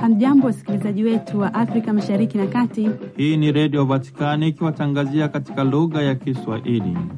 Hamjambo, wasikilizaji wetu wa Afrika mashariki na kati. Hii ni Redio Vatikani ikiwatangazia katika lugha ya Kiswahili. Mm.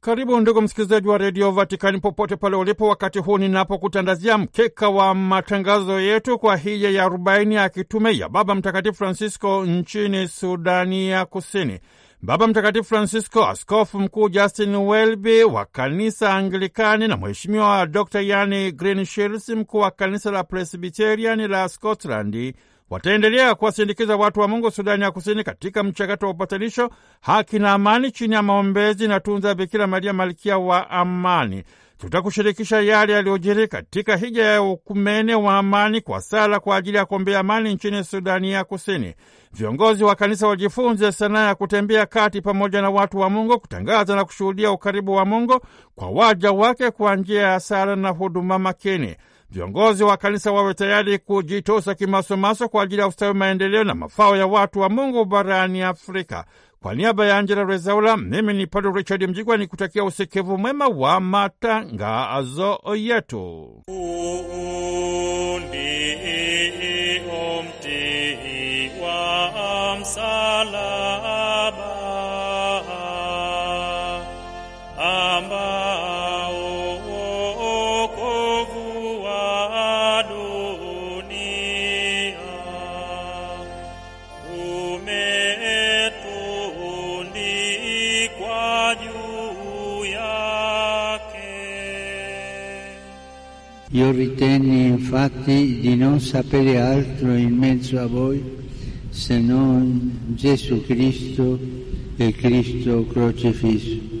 Karibu ndugu msikilizaji wa redio Vatikani popote pale ulipo, wakati huu ninapokutandazia mkeka wa matangazo yetu kwa hija ya arobaini ya kitume ya Baba Mtakatifu Francisco nchini Sudani ya Kusini. Baba Mtakatifu Francisco, Askofu Mkuu Justin Welby wa Kanisa Anglikani na Mheshimiwa Dr Yani Greenshields, mkuu wa Kanisa la Presbiteriani la Scotland wataendelea kuwasindikiza watu wa Mungu Sudani ya Kusini katika mchakato wa upatanisho, haki na amani chini ya maombezi na tunza Bikira Maria, malkia wa amani tutakushirikisha yale yaliyojiri katika hija ya ukumene wa amani kwa sala kwa ajili ya kuombea amani nchini Sudani ya Kusini. Viongozi wa kanisa wajifunze sanaa ya kutembea kati pamoja na watu wa Mungu, kutangaza na kushuhudia ukaribu wa Mungu kwa waja wake kwa njia ya sala na huduma makini. Viongozi wa kanisa wawe tayari kujitosa kimasomaso kwa ajili ya ustawi, maendeleo na mafao ya watu wa Mungu barani Afrika. Kwa niaba ya Angela Rezaula, mimi ni Padre Richard Mjigwa ni kutakia usikivu mwema wa matangazo yetu. Undi wa Io ritenni infatti di non sapere altro in mezzo a voi se non Gesù Cristo e Cristo crocifisso.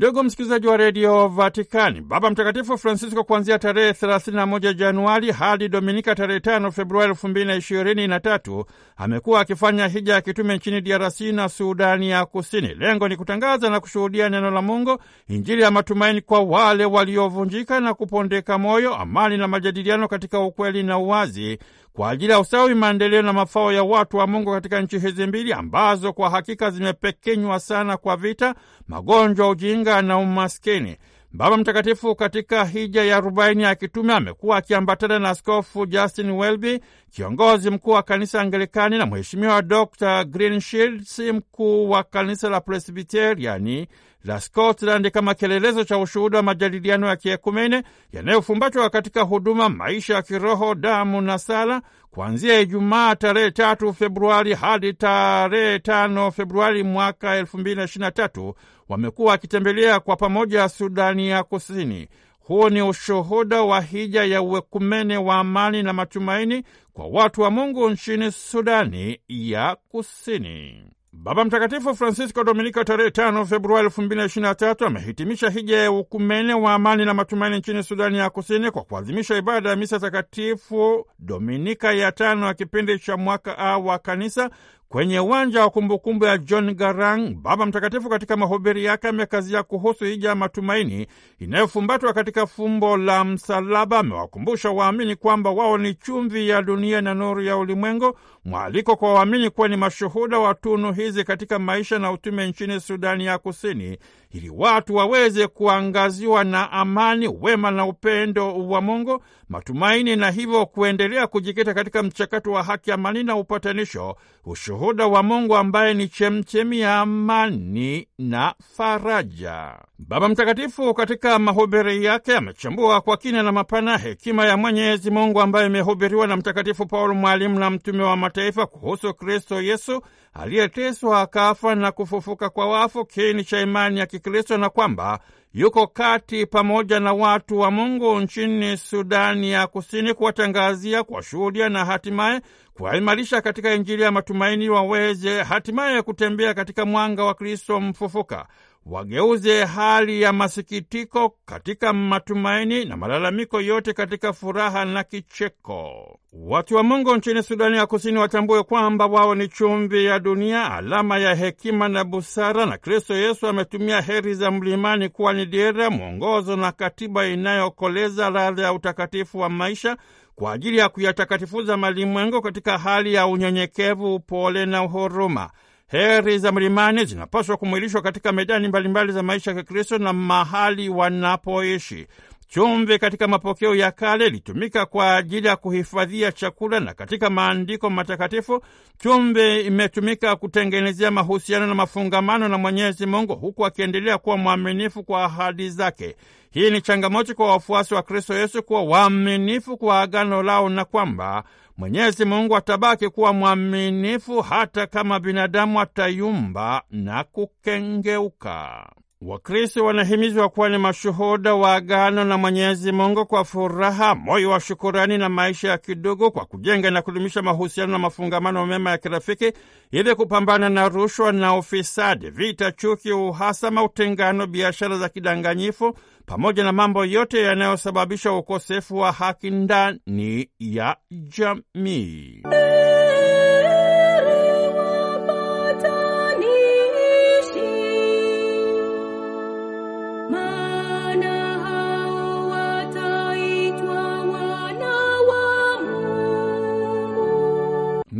Ndugu msikilizaji wa redio Vatikani, Baba Mtakatifu Francisco kuanzia tarehe 31 Januari hadi Dominika tarehe 5 Februari 2023 amekuwa akifanya hija ya kitume nchini DRC na Sudani ya Kusini. Lengo ni kutangaza na kushuhudia neno la Mungu, Injili ya matumaini kwa wale waliovunjika na kupondeka moyo, amani na majadiliano katika ukweli na uwazi kwa ajili ya usawi, maendeleo na mafao ya watu wa Mungu katika nchi hizi mbili ambazo kwa hakika zimepekenywa sana kwa vita, magonjwa, ujinga na umaskini. Baba Mtakatifu katika hija ya arobaini ya kitume amekuwa akiambatana na Askofu Justin Welby, kiongozi mkuu wa kanisa Anglikani, na Mheshimiwa Dr Greenshields, mkuu wa kanisa la Presbiteriani la Scotland kama kielelezo cha ushuhuda wa majadiliano ya kiekumene yanayofumbatwa katika huduma, maisha ya kiroho, damu na sala, kuanzia Ijumaa tarehe tatu Februari hadi tarehe tano Februari mwaka elfu mbili na ishirini na tatu wamekuwa wakitembelea kwa pamoja Sudani ya Kusini. Huu ni ushuhuda wa hija ya uwekumene wa amani na matumaini kwa watu wa Mungu nchini Sudani ya Kusini. Baba Mtakatifu Francisco Dominika tarehe tano Februari elfu mbili na na tatu amehitimisha hija ya ukumene wa amani na matumaini nchini Sudani ya Kusini kwa kuadhimisha ibada ya misa takatifu Dominika ya tano ya kipindi cha mwaka A wa kanisa kwenye uwanja wa kumbukumbu ya John Garang. Baba Mtakatifu katika mahubiri yake amekazia kuhusu hija ya matumaini inayofumbatwa katika fumbo la msalaba. Amewakumbusha waamini kwamba wao ni chumvi ya dunia na nuru ya ulimwengu mwaliko kwa waamini kuwa ni mashuhuda wa tunu hizi katika maisha na utume nchini Sudani ya Kusini, ili watu waweze kuangaziwa na amani, wema na upendo wa Mungu, matumaini, na hivyo kuendelea kujikita katika mchakato wa haki, amani na upatanisho, ushuhuda wa Mungu ambaye ni chemchemi ya amani na faraja. Baba Mtakatifu katika mahubiri yake amechambua kwa kina na mapana hekima ya Mwenyezi Mungu ambayo imehubiriwa na Mtakatifu Paulo, mwalimu na mtume wa mataifa, kuhusu Kristo Yesu aliyeteswa akafa na kufufuka kwa wafu, kiini cha imani ya Kikristo, na kwamba yuko kati pamoja na watu wa Mungu nchini Sudani ya Kusini, kuwatangazia, kuwashuhudia na hatimaye kuwaimarisha katika Injili ya matumaini, waweze hatimaye kutembea katika mwanga wa Kristo mfufuka wageuze hali ya masikitiko katika matumaini na malalamiko yote katika furaha na kicheko. Watu wa Mungu nchini Sudani ya Kusini watambue kwamba wao ni chumvi ya dunia, alama ya hekima na busara, na Kristo Yesu ametumia heri za mlimani kuwa ni dira, mwongozo na katiba inayokoleza ladha ya utakatifu wa maisha kwa ajili ya kuyatakatifuza malimwengo katika hali ya unyenyekevu, upole na uhuruma heri za mlimani zinapaswa kumwilishwa katika medani mbalimbali za maisha ya Kikristo na mahali wanapoishi. Chumvi katika mapokeo ya kale ilitumika kwa ajili ya kuhifadhia chakula, na katika maandiko matakatifu chumvi imetumika kutengenezea mahusiano na mafungamano na Mwenyezi Mungu, huku akiendelea kuwa mwaminifu kwa ahadi zake. Hii ni changamoto kwa wafuasi wa Kristo Yesu kuwa waaminifu kwa agano lao na kwamba Mwenyezi Mungu atabaki kuwa mwaminifu hata kama binadamu atayumba na kukengeuka. Wakristo wanahimizwa kuwa ni mashuhuda wa agano na Mwenyezi Mungu kwa furaha, moyo wa shukurani na maisha ya kidugu kwa kujenga na kudumisha mahusiano na mafungamano mema ya kirafiki, ili kupambana na rushwa na ufisadi, vita, chuki, uhasama, utengano, biashara za kidanganyifu pamoja na mambo yote yanayosababisha ukosefu wa haki ndani ya jamii.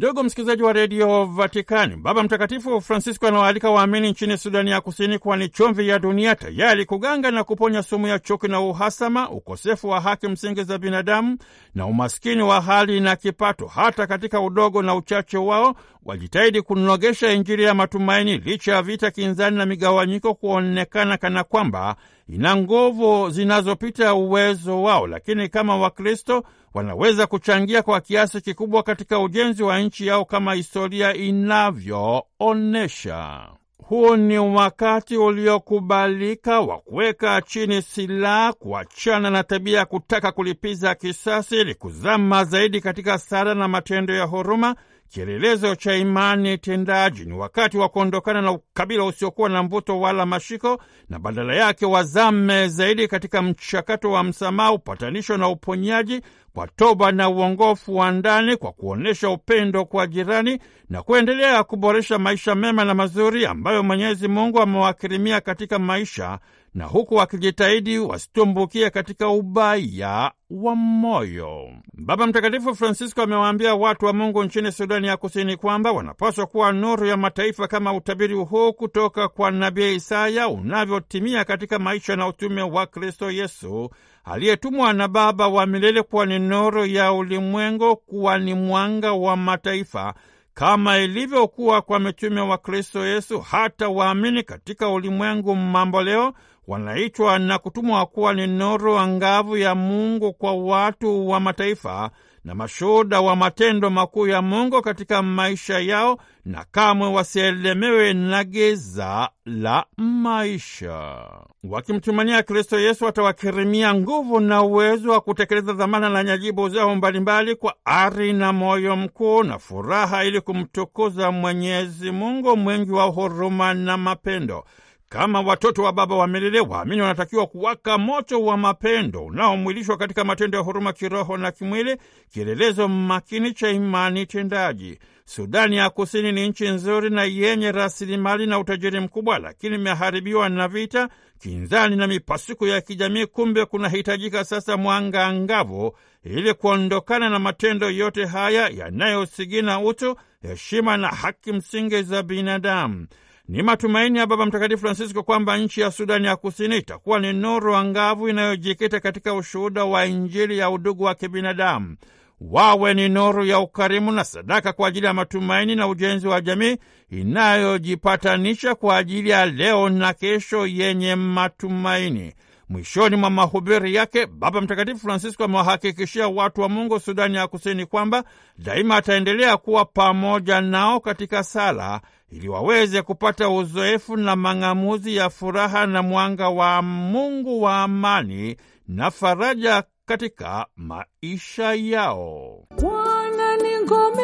Ndugu msikilizaji wa redio Vatikani, Baba Mtakatifu Francisco anawaalika waamini nchini Sudani ya Kusini kuwa ni chumvi ya dunia, tayari kuganga na kuponya sumu ya chuki na uhasama, ukosefu wa haki msingi za binadamu na umaskini wa hali na kipato. Hata katika udogo na uchache wao wajitahidi kunogesha Injili ya matumaini, licha ya vita kinzani na migawanyiko kuonekana kana kwamba ina nguvu zinazopita uwezo wao, lakini kama Wakristo wanaweza kuchangia kwa kiasi kikubwa katika ujenzi wa nchi yao kama historia inavyoonyesha. Huu ni wakati uliokubalika wa kuweka chini silaha, kuachana na tabia ya kutaka kulipiza kisasi ili kuzama zaidi katika sala na matendo ya huruma kielelezo cha imani tendaji. Ni wakati wa kuondokana na ukabila usiokuwa na mvuto wala mashiko, na badala yake wazame zaidi katika mchakato wa msamaha, upatanisho na uponyaji, kwa toba na uongofu wa ndani, kwa kuonyesha upendo kwa jirani na kuendelea kuboresha maisha mema na mazuri ambayo Mwenyezi Mungu amewakirimia katika maisha na huku wakijitahidi wasitumbukie katika ubaya wa moyo. Baba Mtakatifu Francisco amewaambia watu wa Mungu nchini Sudani ya Kusini kwamba wanapaswa kuwa nuru ya mataifa kama utabiri huu kutoka kwa nabii Isaya unavyotimia katika maisha na utume wa Kristo Yesu aliyetumwa na Baba wa milele kuwa ni nuru ya ulimwengu, kuwa ni mwanga wa mataifa kama ilivyokuwa kwa mitume wa Kristo Yesu, hata waamini katika ulimwengu mambo leo wanaitwa na kutumwa kuwa ni nuru angavu ya Mungu kwa watu wa mataifa na mashuhuda wa matendo makuu ya Mungu katika maisha yao, na kamwe wasielemewe na giza la maisha. Wakimtumania Kristo Yesu atawakirimia nguvu na uwezo wa kutekeleza dhamana na nyajibu zao mbalimbali kwa ari na moyo mkuu na furaha, ili kumtukuza Mwenyezi Mungu mwingi wa huruma na mapendo. Kama watoto wa Baba wamelelewa amini, wanatakiwa kuwaka moto wa mapendo unaomwilishwa katika matendo ya huruma kiroho na kimwili, kielelezo makini cha imani tendaji. Sudani ya Kusini ni nchi nzuri na yenye rasilimali na utajiri mkubwa, lakini imeharibiwa na vita, kinzani na mipasuko ya kijamii. Kumbe kunahitajika sasa mwanga angavu ili kuondokana na matendo yote haya yanayosigina utu, heshima na haki msingi za binadamu. Ni matumaini ya Baba Mtakatifu Francisco kwamba nchi ya Sudani ya Kusini itakuwa ni nuru angavu inayojikita katika ushuhuda wa Injili ya udugu wa kibinadamu. Wawe ni nuru ya ukarimu na sadaka kwa ajili ya matumaini na ujenzi wa jamii inayojipatanisha kwa ajili ya leo na kesho yenye matumaini. Mwishoni mwa mahubiri yake, Baba Mtakatifu Francisco amewahakikishia watu wa Mungu Sudani ya Kusini kwamba daima ataendelea kuwa pamoja nao katika sala ili waweze kupata uzoefu na mang'amuzi ya furaha na mwanga wa Mungu wa amani na faraja katika maisha yao. Bwana ni ngome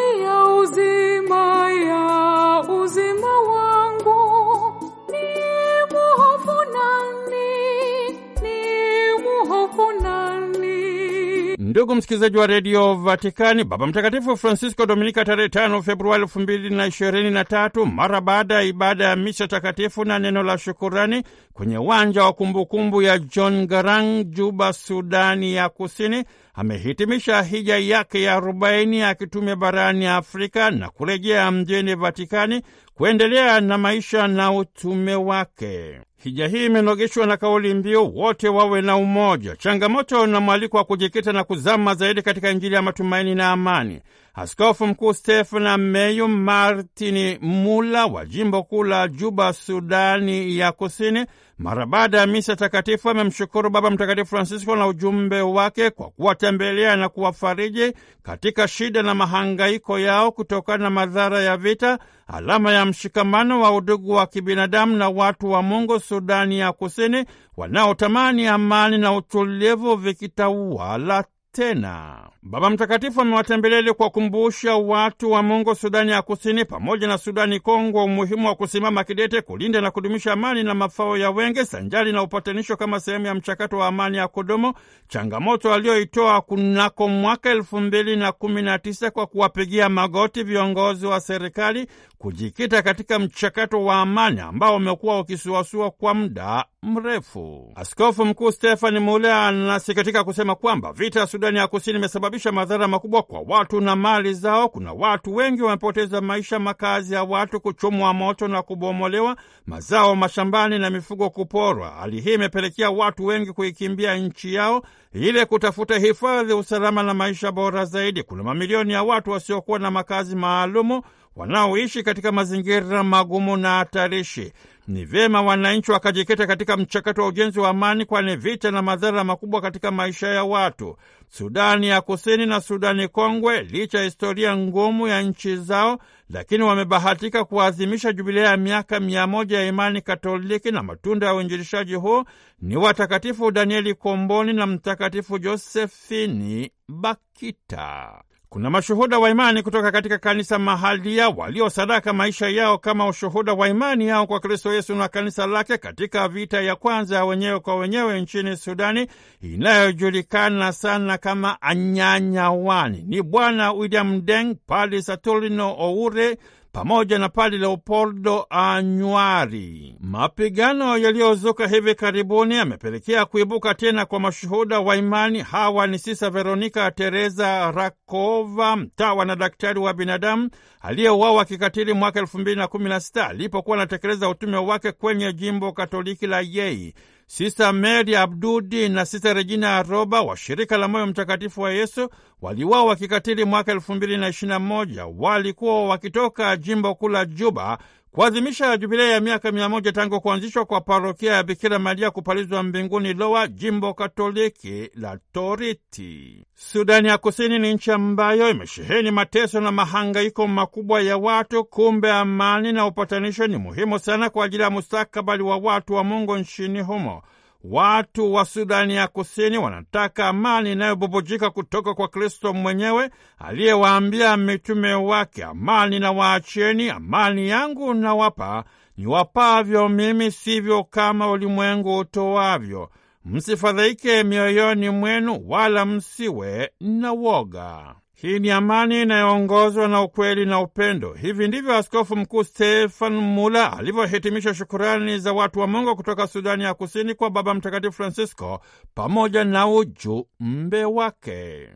Ndugu msikilizaji wa redio Vatikani, Baba Mtakatifu Francisco Dominika tarehe 5 Februari tatu mara baada ya ibada ya misa takatifu na neno la shukurani kwenye uwanja wa kumbukumbu ya John Garang, Juba, Sudani ya Kusini, amehitimisha hija yake ya arobaini akitumia barani Afrika na kurejea mjini Vatikani kuendelea na maisha na utume wake. Hija hii imenogeshwa na kauli mbiu wote wawe na umoja, changamoto na mwaliko wa kujikita na kuzama zaidi katika Injili ya matumaini na amani. Askofu Mkuu Stefana Meyu Martini Mula wa jimbo kuu la Juba, Sudani ya Kusini, mara baada ya misa takatifu amemshukuru Baba Mtakatifu Francisco na ujumbe wake kwa kuwatembelea na kuwafariji katika shida na mahangaiko yao kutokana na madhara ya vita, alama ya mshikamano wa udugu wa kibinadamu na watu wa Mungu Sudani ya Kusini wanaotamani amani na utulivu vikitawala tena. Baba Mtakatifu amewatembelea ili kuwakumbusha watu wa Mungu Sudani ya Kusini pamoja na Sudani Kongwa umuhimu wa kusimama kidete kulinda na kudumisha amani na mafao ya wengi sanjali na upatanisho kama sehemu ya mchakato wa amani ya kudumu, changamoto aliyoitoa kunako mwaka elfu mbili na kumi na tisa kwa kuwapigia magoti viongozi wa serikali kujikita katika mchakato wa amani ambao umekuwa ukisuasua kwa muda mrefu. Askofu Mkuu Stefani Mule anasikitika kusema kwamba vita ya Sudani Sudani ya Kusini imesababisha madhara makubwa kwa watu na mali zao. Kuna watu wengi wamepoteza maisha, makazi ya watu kuchomwa moto na kubomolewa, mazao mashambani na mifugo kuporwa. Hali hii imepelekea watu wengi kuikimbia nchi yao ili kutafuta hifadhi, usalama na maisha bora zaidi. Kuna mamilioni ya watu wasiokuwa na makazi maalumu wanaoishi katika mazingira magumu na hatarishi. Ni vyema wananchi wakajikita katika mchakato wa ujenzi wa amani, kwani vita na madhara makubwa katika maisha ya watu. Sudani ya Kusini na Sudani Kongwe, licha ya historia ngumu ya nchi zao, lakini wamebahatika kuadhimisha jubilia ya miaka mia moja ya imani Katoliki, na matunda ya uinjilishaji huu ni watakatifu Danieli Komboni na mtakatifu Josefini Bakita. Kuna mashuhuda wa imani kutoka katika kanisa mahalia waliosadaka maisha yao kama ushuhuda wa imani yao kwa Kristo Yesu na kanisa lake katika vita ya kwanza ya wenyewe kwa wenyewe nchini Sudani inayojulikana sana kama Anyanyawani. Ni Bwana William Deng, Padri Saturnino Oure, pamoja na Padi Leopoldo Anywari. Mapigano yaliyozuka hivi karibuni yamepelekea kuibuka tena kwa mashuhuda wa imani. Hawa ni Sisa Veronika Tereza Rakova, mtawa na daktari wa binadamu aliyeuawa kikatili mwaka elfu mbili na kumi na sita alipokuwa anatekeleza utume wake kwenye jimbo Katoliki la Yei. Sista Meri Abdudi na Sista Regina Aroba wa Shirika la Moyo Mtakatifu wa Yesu waliwao kikatili mwaka elfu mbili na ishirini na moja. Walikuwa wakitoka jimbo kuu la Juba kuadhimisha jubilei ya miaka mia moja tangu kuanzishwa kwa parokia ya Bikira Maria Kupalizwa Mbinguni Lowa, jimbo katoliki la Toriti. Sudani ya Kusini ni nchi ambayo imesheheni mateso na mahangaiko makubwa ya watu. Kumbe amani na upatanisho ni muhimu sana kwa ajili ya mustakabali wa watu wa Mungu nchini humo. Watu wa Sudani ya Kusini wanataka amani inayobubujika kutoka kwa Kristo mwenyewe aliyewaambia mitume wake, amani na waachieni, amani yangu nawapa, niwapavyo mimi, sivyo kama ulimwengu utoavyo. Msifadhaike mioyoni mwenu, wala msiwe na woga. Hii ni amani inayoongozwa na ukweli na upendo. Hivi ndivyo Askofu Mkuu Stefan Mula alivyohitimisha shukurani za watu wa Mungu kutoka Sudani ya Kusini kwa Baba Mtakatifu Francisco pamoja na ujumbe wake.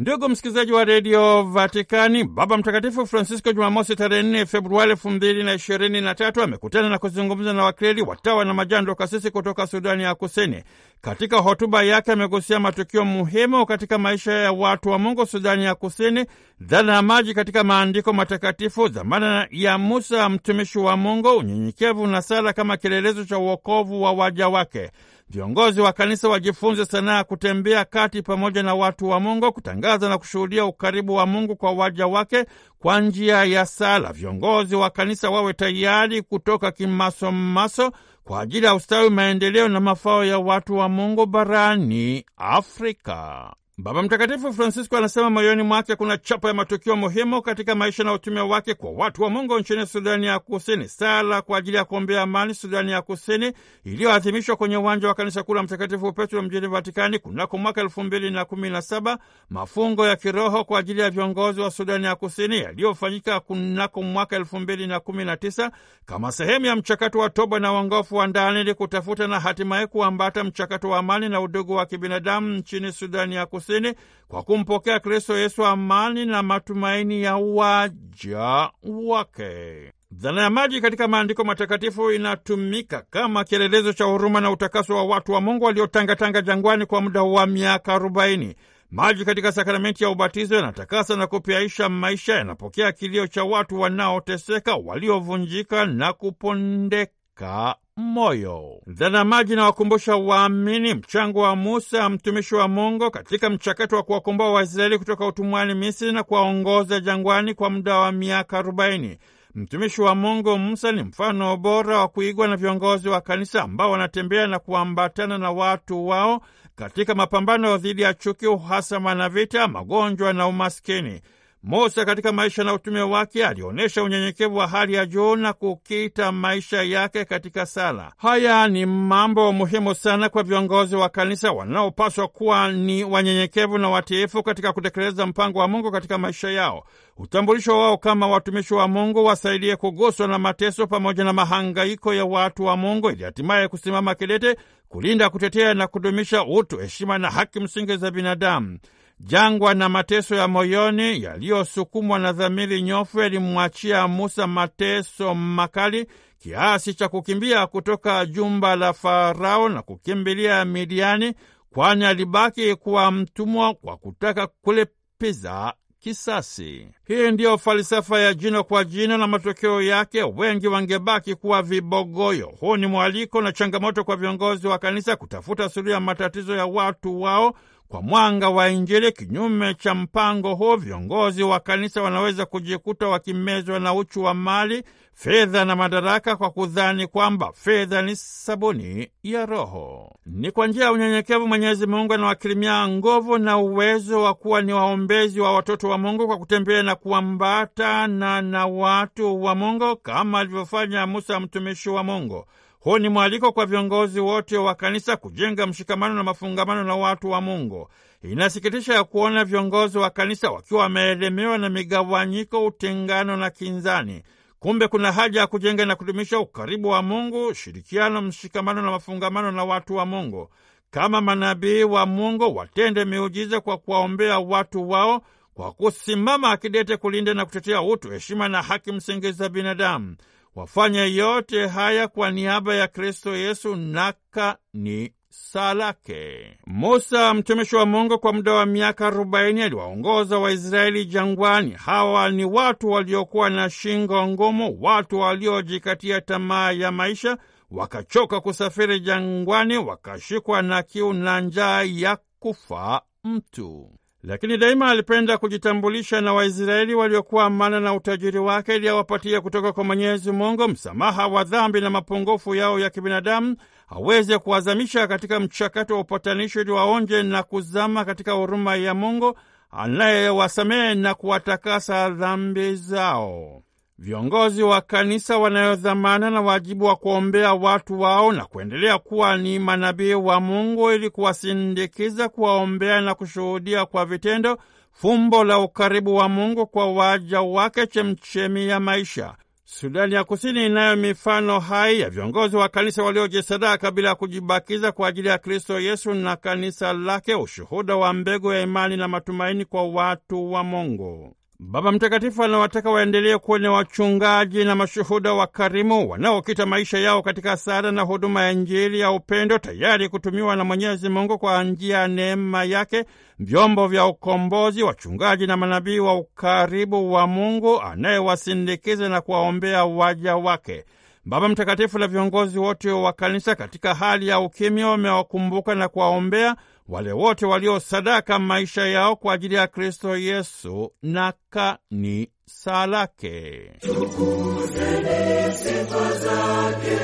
Ndugu msikilizaji wa redio Vatikani, Baba Mtakatifu Francisco Jumamosi tarehe nne Februari elfu mbili na ishirini na tatu amekutana na kuzungumza na wakleli, watawa na majando kasisi kutoka Sudani ya Kusini. Katika hotuba yake amegusia matukio muhimu katika maisha ya watu wa Mungu Sudani ya Kusini, dhana ya maji katika maandiko matakatifu, dhamana ya Musa mtumishi wa Mungu, unyenyekevu na sala kama kielelezo cha uokovu wa waja wake. Viongozi wa kanisa wajifunze sanaa ya kutembea kati pamoja na watu wa Mungu, kutangaza na kushuhudia ukaribu wa Mungu kwa waja wake kwa njia ya sala. Viongozi wa kanisa wawe tayari kutoka kimasomaso kwa ajili ya ustawi, maendeleo na mafao ya watu wa Mungu barani Afrika. Baba Mtakatifu Francisco anasema moyoni mwake kuna chapa ya matukio muhimu katika maisha na utumia wake kwa watu wa Mungu nchini Sudani ya Kusini, sala kwa ajili ya kuombea amani Sudani ya Kusini iliyoadhimishwa kwenye uwanja wa kanisa kuu la Mtakatifu Petro mjini Vatikani kunako mwaka elfu mbili na kumi na saba, mafungo ya kiroho kwa ajili ya viongozi wa Sudani ya Kusini yaliyofanyika kunako mwaka elfu mbili na kumi na tisa kama sehemu ya mchakato wa toba na uongofu wa ndani ili kutafuta na hatimaye kuambata mchakato wa amani na udugu wa kibinadamu nchini Sudani ya Kusini kusini kwa kumpokea Kristo Yesu, amani na matumaini ya waja wake. Dhana ya maji katika maandiko matakatifu inatumika kama kielelezo cha huruma na utakaso wa watu wa Mungu waliotangatanga jangwani kwa muda wa miaka arobaini. Maji katika sakramenti ya ubatizo yanatakasa na kupyaisha maisha, yanapokea kilio cha watu wanaoteseka, waliovunjika na kupondeka moyo. dhana maji na wakumbusha waamini mchango wa Musa mtumishi wa Mungu katika mchakato wa kuwakomboa Waisraeli kutoka utumwani Misri na kuwaongoza jangwani kwa muda wa miaka arobaini. Mtumishi wa Mungu Musa ni mfano bora wa kuigwa na viongozi wa kanisa ambao wanatembea na kuambatana na watu wao katika mapambano dhidi ya chuki, uhasama na vita, magonjwa na umaskini. Musa katika maisha na utume wake alionyesha unyenyekevu wa hali ya juu na kukita maisha yake katika sala. Haya ni mambo muhimu sana kwa viongozi wa kanisa wanaopaswa kuwa ni wanyenyekevu na watiifu katika kutekeleza mpango wa Mungu katika maisha yao. Utambulisho wao kama watumishi wa Mungu wasaidie kuguswa na mateso pamoja na mahangaiko ya watu wa Mungu ili hatimaye kusimama kidete kulinda, kutetea na kudumisha utu, heshima na haki msingi za binadamu. Jangwa na mateso ya moyoni yaliyosukumwa na dhamiri nyofu yalimwachia Musa mateso makali kiasi cha kukimbia kutoka jumba la Farao na kukimbilia Midiani, kwani alibaki kuwa mtumwa kwa kutaka kulipiza kisasi. Hii ndiyo falsafa ya jino kwa jino, na matokeo yake wengi wangebaki kuwa vibogoyo. Huu ni mwaliko na changamoto kwa viongozi wa kanisa kutafuta suluhu ya matatizo ya watu wao kwa mwanga wa Injili. Kinyume cha mpango huu, viongozi wa kanisa wanaweza kujikuta wakimezwa na uchu wa mali, fedha na madaraka, kwa kudhani kwamba fedha ni sabuni ya roho. Ni kwa njia ya unyenyekevu Mwenyezi Mungu anawakirimia nguvu na uwezo wa kuwa ni waombezi wa watoto wa Mungu kwa kutembea na kuambatana na watu wa Mungu kama alivyofanya Musa mtumishi wa Mungu. Huu ni mwaliko kwa viongozi wote wa kanisa kujenga mshikamano na mafungamano na watu wa Mungu. Inasikitisha ya kuona viongozi wa kanisa wakiwa wameelemewa na migawanyiko, utengano na kinzani. Kumbe kuna haja ya kujenga na kudumisha ukaribu wa Mungu, shirikiano, mshikamano na mafungamano na watu wa Mungu. Kama manabii wa Mungu, watende miujiza kwa kuwaombea watu wao kwa kusimama akidete kulinda na kutetea utu, heshima na haki msingi za binadamu wafanye yote haya kwa niaba ya Kristo Yesu naka ni salake. Musa mtumishi wa Mungu kwa muda wa miaka arobaini aliwaongoza Waisraeli jangwani. Hawa ni watu waliokuwa na shingo ngumu, watu waliojikatia tamaa ya maisha, wakachoka kusafiri jangwani, wakashikwa na kiu na njaa ya kufa mtu lakini daima alipenda kujitambulisha na Waisraeli waliokuwa mana na utajiri wake ili awapatie kutoka kwa Mwenyezi Mungu msamaha wa dhambi na mapungufu yao ya kibinadamu, aweze kuwazamisha katika mchakato wa upatanishi ili waonje na kuzama katika huruma ya Mungu anayewasamehe na kuwatakasa dhambi zao viongozi wa kanisa wanayodhamana na wajibu wa kuombea watu wao na kuendelea kuwa ni manabii wa Mungu ili kuwasindikiza, kuwaombea na kushuhudia kwa vitendo fumbo la ukaribu wa Mungu kwa waja wake, chemchemi ya maisha. Sudani ya Kusini inayo mifano hai ya viongozi wa kanisa waliojisadaka bila ya kujibakiza kwa ajili ya Kristo Yesu na kanisa lake, ushuhuda wa mbegu ya imani na matumaini kwa watu wa Mungu. Baba Mtakatifu anawataka waendelee kuwa ni wachungaji na mashuhuda wa karimu wanaokita maisha yao katika sala na huduma ya Injili ya upendo, tayari kutumiwa na Mwenyezi Mungu kwa njia ya neema yake, vyombo vya ukombozi, wachungaji na manabii wa ukaribu wa Mungu anayewasindikiza na kuwaombea waja wake. Baba Mtakatifu na viongozi wote wa kanisa katika hali ya ukimya wamewakumbuka na kuwaombea wale wote waliosadaka maisha yao kwa ajili ya Kristo Yesu na kanisa lake. Tukuzeni sifa zake.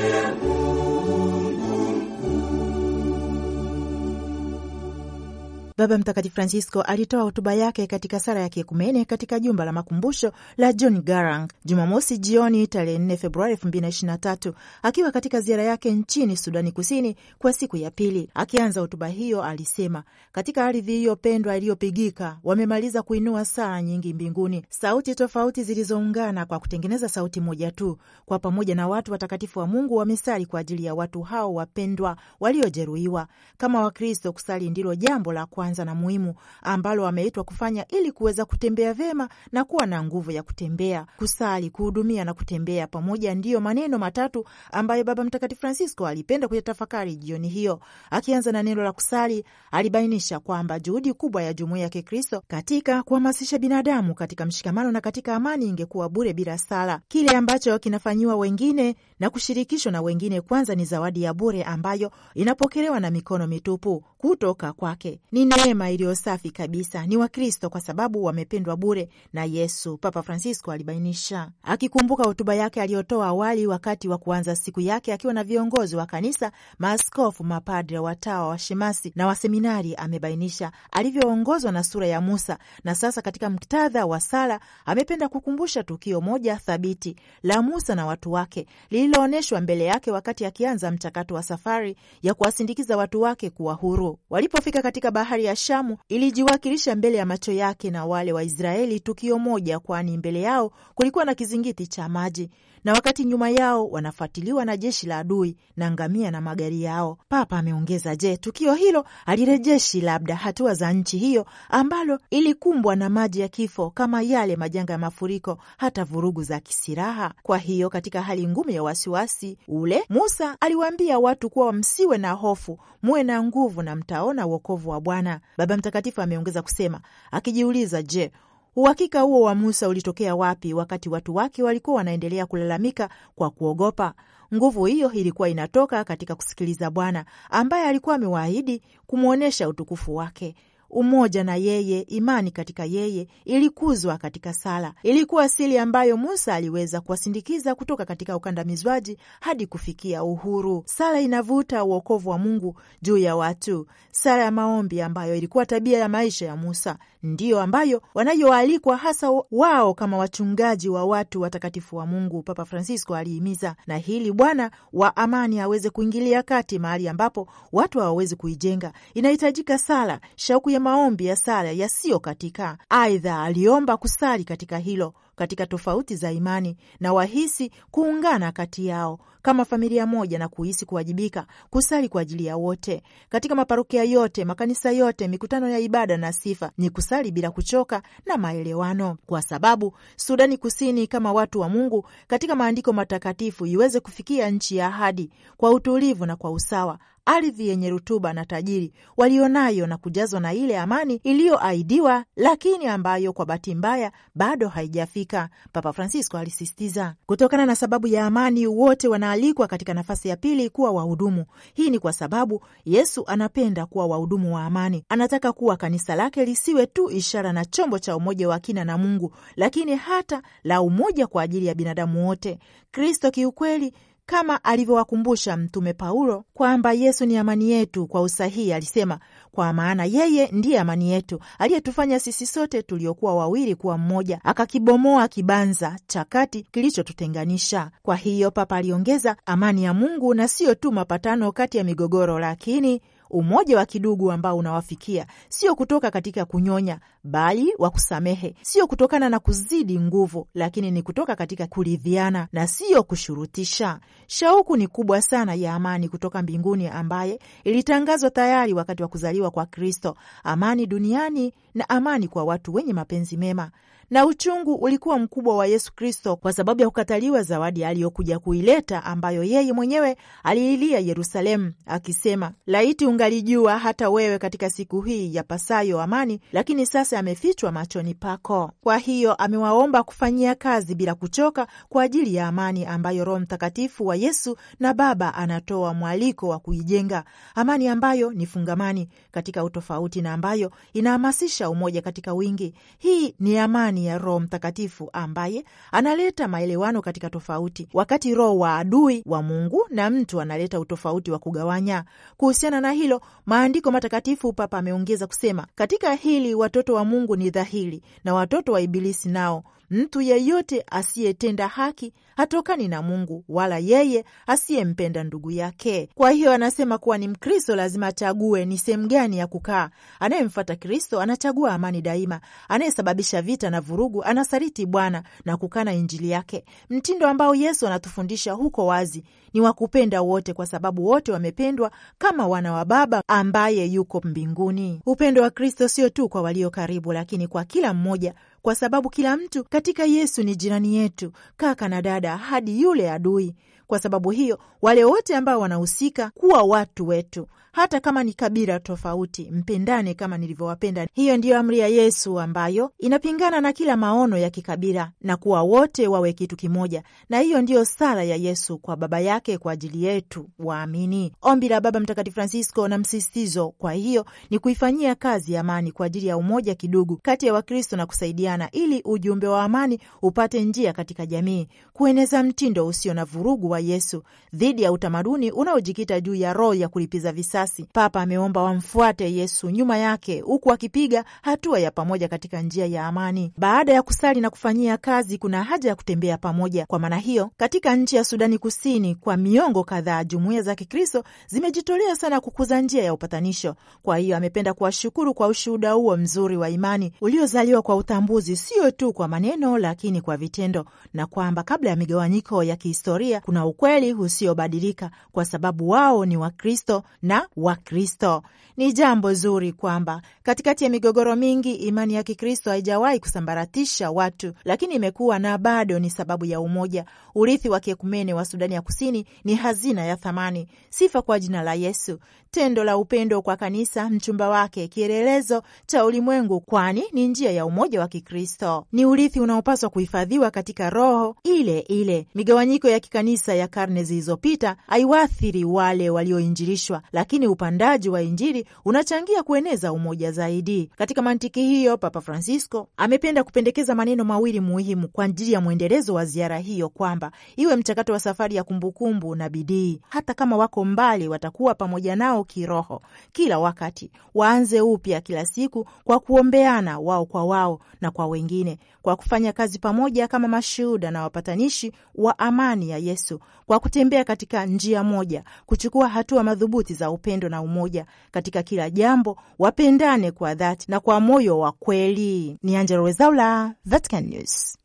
Baba Mtakatifu Francisco alitoa hotuba yake katika sala ya kiekumene katika jumba la makumbusho la John Garang Jumamosi jioni tarehe 4 Februari 2023 akiwa katika ziara yake nchini Sudani Kusini kwa siku ya pili. Akianza hotuba hiyo alisema, katika ardhi hiyo pendwa iliyopigika wamemaliza kuinua saa nyingi mbinguni, sauti tofauti zilizoungana kwa kutengeneza sauti moja tu. Kwa pamoja na watu watakatifu wa Mungu wamesali kwa ajili ya watu hao wapendwa waliojeruhiwa. Kama Wakristo, kusali ndilo jambo la kwa kwanza na muhimu ambalo ameitwa kufanya ili kuweza kutembea vyema na kuwa na nguvu ya kutembea, kusali, kuhudumia na kutembea pamoja, ndiyo maneno matatu ambayo Baba Mtakatifu Francisco alipenda kuyatafakari jioni hiyo. Akianza na neno la kusali, alibainisha kwamba juhudi kubwa ya jumuiya ya Kikristo katika kuhamasisha binadamu katika mshikamano na katika amani ingekuwa bure bila sala. Kile ambacho kinafanyiwa wengine na kushirikishwa na wengine kwanza ni zawadi ya bure ambayo inapokelewa na mikono mitupu kutoka kwake. Nina neema iliyo safi kabisa ni Wakristo kwa sababu wamependwa bure na Yesu, Papa Francisco alibainisha akikumbuka hotuba yake aliyotoa awali wakati wa kuanza siku yake akiwa na viongozi wa kanisa, maaskofu, mapadre, watawa, washemasi na waseminari. Amebainisha alivyoongozwa na sura ya Musa, na sasa katika muktadha wa sala amependa kukumbusha tukio moja thabiti la Musa na watu wake lililoonyeshwa mbele yake wakati akianza mchakato wa safari ya kuwasindikiza watu wake kuwa huru walipofika katika bahari ya Shamu ilijiwakilisha mbele ya macho yake na wale wa Israeli tukio moja, kwani mbele yao kulikuwa na kizingiti cha maji na wakati nyuma yao wanafuatiliwa na jeshi la adui na ngamia na magari yao. Papa ameongeza, je, tukio hilo alirejeshi labda hatua za nchi hiyo ambalo ilikumbwa na maji ya kifo kama yale majanga ya mafuriko, hata vurugu za kisiraha? Kwa hiyo katika hali ngumu ya wasiwasi ule, Musa aliwaambia watu kuwa msiwe na hofu, muwe na nguvu na mtaona uokovu wa Bwana. Baba Mtakatifu ameongeza kusema akijiuliza, je, Uhakika huo wa Musa ulitokea wapi, wakati watu wake walikuwa wanaendelea kulalamika kwa kuogopa? Nguvu hiyo ilikuwa inatoka katika kusikiliza Bwana ambaye alikuwa amewaahidi kumwonyesha utukufu wake. Umoja na yeye, imani katika yeye ilikuzwa katika sala. Ilikuwa siri ambayo Musa aliweza kuwasindikiza kutoka katika ukandamizwaji hadi kufikia uhuru. Sala inavuta uokovu wa Mungu juu ya watu, sala ya maombi ambayo ilikuwa tabia ya maisha ya Musa ndiyo ambayo wanayoalikwa hasa wao kama wachungaji wa watu watakatifu wa Mungu, Papa Francisco alihimiza, na hili Bwana wa amani aweze kuingilia kati mahali ambapo watu hawawezi kuijenga. Inahitajika sala, shauku ya maombi ya sala yasiyokatika. Aidha, aliomba kusali katika hilo katika tofauti za imani na wahisi kuungana kati yao kama familia moja na kuhisi kuwajibika kusali kwa ajili ya wote. Katika maparokia yote, makanisa yote, mikutano ya ibada na sifa ni kusali bila kuchoka na maelewano, kwa sababu Sudani Kusini kama watu wa Mungu katika maandiko matakatifu iweze kufikia nchi ya ahadi kwa utulivu na kwa usawa ardhi yenye rutuba na tajiri walionayo na kujazwa na ile amani iliyoahidiwa, lakini ambayo kwa bahati mbaya bado haijafika, Papa Francisco alisisitiza. Kutokana na sababu ya amani, wote wanaalikwa katika nafasi ya pili kuwa wahudumu. Hii ni kwa sababu Yesu anapenda kuwa wahudumu wa amani. Anataka kuwa kanisa lake lisiwe tu ishara na chombo cha umoja wa kina na Mungu, lakini hata la umoja kwa ajili ya binadamu wote. Kristo kiukweli kama alivyowakumbusha Mtume Paulo kwamba Yesu ni amani yetu. Kwa usahihi alisema, kwa maana yeye ndiye amani yetu, aliyetufanya sisi sote tuliokuwa wawili kuwa mmoja, akakibomoa kibanza cha kati kilichotutenganisha. Kwa hiyo, Papa aliongeza, amani ya Mungu na siyo tu mapatano kati ya migogoro, lakini Umoja wa kidugu ambao unawafikia sio kutoka katika kunyonya, bali wa kusamehe, sio kutokana na kuzidi nguvu, lakini ni kutoka katika kuridhiana na sio kushurutisha. Shauku ni kubwa sana ya amani kutoka mbinguni ambaye ilitangazwa tayari wakati wa kuzaliwa kwa Kristo, amani duniani na amani kwa watu wenye mapenzi mema na uchungu ulikuwa mkubwa wa Yesu Kristo kwa sababu ya kukataliwa zawadi aliyokuja kuileta, ambayo yeye mwenyewe aliilia Yerusalemu akisema, laiti ungalijua hata wewe katika siku hii ya pasayo amani, lakini sasa amefichwa machoni pako. Kwa hiyo amewaomba kufanyia kazi bila kuchoka kwa ajili ya amani ambayo Roho Mtakatifu wa Yesu na Baba anatoa mwaliko wa kuijenga, amani ambayo ni fungamani katika utofauti na ambayo inahamasisha umoja katika wingi. Hii ni amani ndani ya Roho Mtakatifu ambaye analeta maelewano katika tofauti, wakati roho wa adui wa Mungu na mtu analeta utofauti wa kugawanya. Kuhusiana na hilo, maandiko matakatifu, Papa ameongeza kusema, katika hili watoto wa Mungu ni dhahiri na watoto wa Ibilisi nao Mtu yeyote asiyetenda haki hatokani na Mungu, wala yeye asiyempenda ndugu yake. Kwa hiyo anasema kuwa ni Mkristo lazima achague ni sehemu gani ya kukaa. anayemfata Kristo anachagua amani daima, anayesababisha vita na vurugu anasaliti Bwana na kukana Injili yake. Mtindo ambao Yesu anatufundisha huko wazi ni wa kupenda wote, kwa sababu wote wamependwa kama wana wa Baba ambaye yuko mbinguni. Upendo wa Kristo sio tu kwa walio karibu, lakini kwa kila mmoja kwa sababu kila mtu katika Yesu ni jirani yetu, kaka na dada, hadi yule adui. Kwa sababu hiyo, wale wote ambao wanahusika kuwa watu wetu hata kama ni kabila tofauti, mpendane kama nilivyowapenda. Hiyo ndiyo amri ya Yesu ambayo inapingana na kila maono ya kikabila na kuwa wote wawe kitu kimoja, na hiyo ndiyo sala ya Yesu kwa Baba yake kwa ajili yetu waamini. Ombi la Baba Mtakatifu Francisco na msisitizo kwa hiyo ni kuifanyia kazi ya amani kwa ajili ya umoja kidugu kati ya Wakristo na kusaidiana, ili ujumbe wa amani upate njia katika jamii, kueneza mtindo usio na vurugu wa Yesu dhidi ya utamaduni unaojikita juu ya roho ya kulipiza visasi basi Papa ameomba wamfuate Yesu nyuma yake, huku akipiga hatua ya pamoja katika njia ya amani. Baada ya kusali na kufanyia kazi, kuna haja ya kutembea pamoja. Kwa maana hiyo, katika nchi ya Sudani Kusini, kwa miongo kadhaa, jumuiya za Kikristo zimejitolea sana kukuza njia ya upatanisho. Kwa hiyo, amependa kuwashukuru kwa ushuhuda huo mzuri wa imani uliozaliwa kwa utambuzi, sio tu kwa maneno, lakini kwa vitendo, na kwamba kabla ya migawanyiko ya kihistoria kuna ukweli usiobadilika, kwa sababu wao ni Wakristo na wa Kristo. Ni jambo zuri kwamba katikati ya migogoro mingi, imani ya Kikristo haijawahi kusambaratisha watu, lakini imekuwa na bado ni sababu ya umoja. Urithi wa kiekumene wa Sudani ya Kusini ni hazina ya thamani. Sifa kwa jina la Yesu. Tendo la upendo kwa kanisa, mchumba wake, kielelezo cha ulimwengu, kwani ni njia ya umoja wa Kikristo. Ni urithi unaopaswa kuhifadhiwa katika roho ile ile. Migawanyiko ya kikanisa ya karne zilizopita haiwaathiri wale walioinjilishwa, lakini lakini upandaji wa Injili unachangia kueneza umoja zaidi. Katika mantiki hiyo, Papa Francisco amependa kupendekeza maneno mawili muhimu kwa ajili ya mwendelezo wa ziara hiyo, kwamba iwe mchakato wa safari ya kumbukumbu na bidii. Hata kama wako mbali, watakuwa pamoja nao kiroho kila wakati, waanze upya kila siku kwa kuombeana wao kwa wao na kwa wengine, kwa kufanya kazi pamoja kama mashuhuda na wapatanishi wa amani ya Yesu, kwa kutembea katika njia moja, kuchukua hatua madhubuti za upendo upendo na umoja katika kila jambo, wapendane kwa dhati na kwa moyo wa kweli. Ni Angella Rwezaula, Vatican News.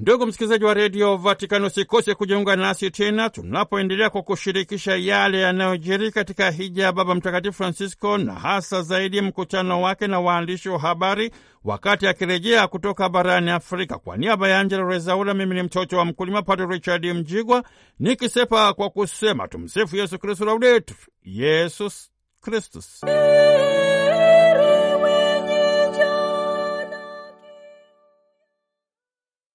Ndugu msikilizaji wa redio Vatikani, usikose kujiunga nasi tena tunapoendelea kwa kushirikisha yale yanayojiri katika hija ya Baba Mtakatifu Francisco na hasa zaidi mkutano wake na waandishi wa habari wakati akirejea kutoka barani Afrika. Kwa niaba ya Angela Rezaula, mimi ni mtoto wa mkulima Padre Richard Mjigwa nikisepa kwa kusema tumsifu Yesu Kristu, laudetur Yesus Kristus.